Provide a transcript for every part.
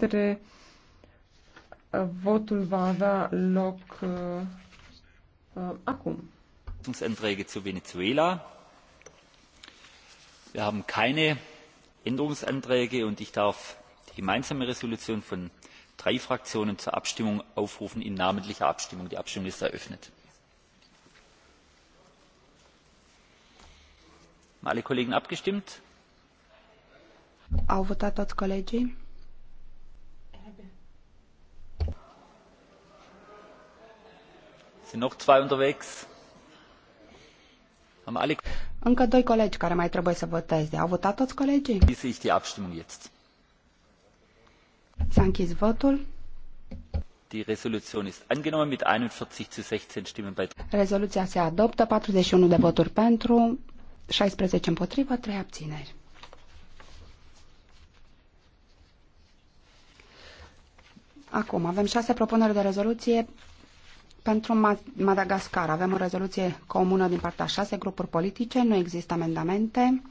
noastre uh, votul va avea loc uh, uh, acum. Änderungsanträge zu Venezuela. Wir haben keine Änderungsanträge und ich darf die gemeinsame Resolution von drei Fraktionen zur Abstimmung aufrufen in namentlicher Abstimmung. Die Abstimmung ist eröffnet. Haben alle Kollegen abgestimmt? Au votat toți colegii? Încă doi colegi care mai trebuie să voteze. Au votat toți colegii? Schließe ich die Abstimmung jetzt. S-a închis votul. Die Resolution ist angenommen mit 41 zu 16 Stimmen bei. Rezoluția se adoptă 41 de voturi pentru, 16 împotrivă, 3 abțineri. Acum avem șase propuneri de rezoluție pentru Madagascar avem o rezoluție comună din partea șase grupuri politice, nu există amendamente.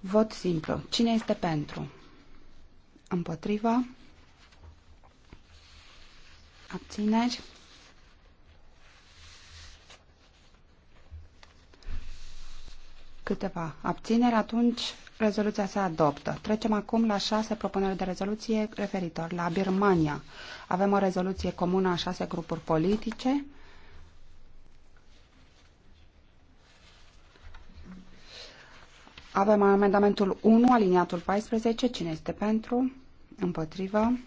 Vot simplu. Cine este pentru? Împotrivă? Abțineri? Câteva abțineri, atunci Rezoluția se adoptă. Trecem acum la șase propuneri de rezoluție referitor la Birmania. Avem o rezoluție comună a șase grupuri politice. Avem amendamentul 1, aliniatul 14. Cine este pentru? Împotrivă?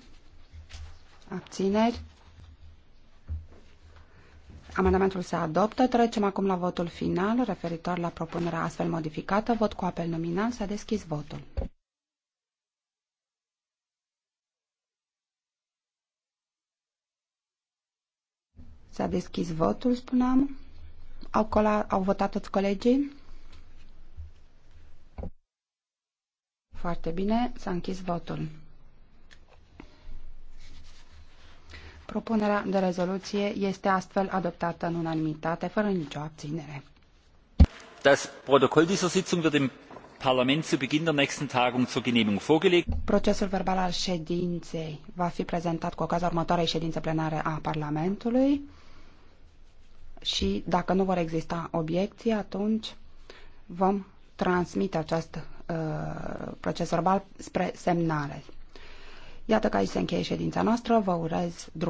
Abțineri? Amendamentul se adoptă. Trecem acum la votul final referitor la propunerea astfel modificată. Vot cu apel nominal. S-a deschis votul. S-a deschis votul, spuneam. Au, cola, au votat toți colegii? Foarte bine, s-a închis votul. Propunerea de rezoluție este astfel adoptată în unanimitate, fără nicio abținere. Das Protokoll dieser Sitzung wird im Parlament zu Beginn der nächsten Tagung zur Genehmigung vorgelegt. Procesul verbal al ședinței va fi prezentat cu ocazia următoarei ședințe plenare a Parlamentului și dacă nu vor exista obiecții, atunci vom transmite acest uh, proces verbal spre semnare. Iată că aici se încheie ședința noastră. Vă urez drum.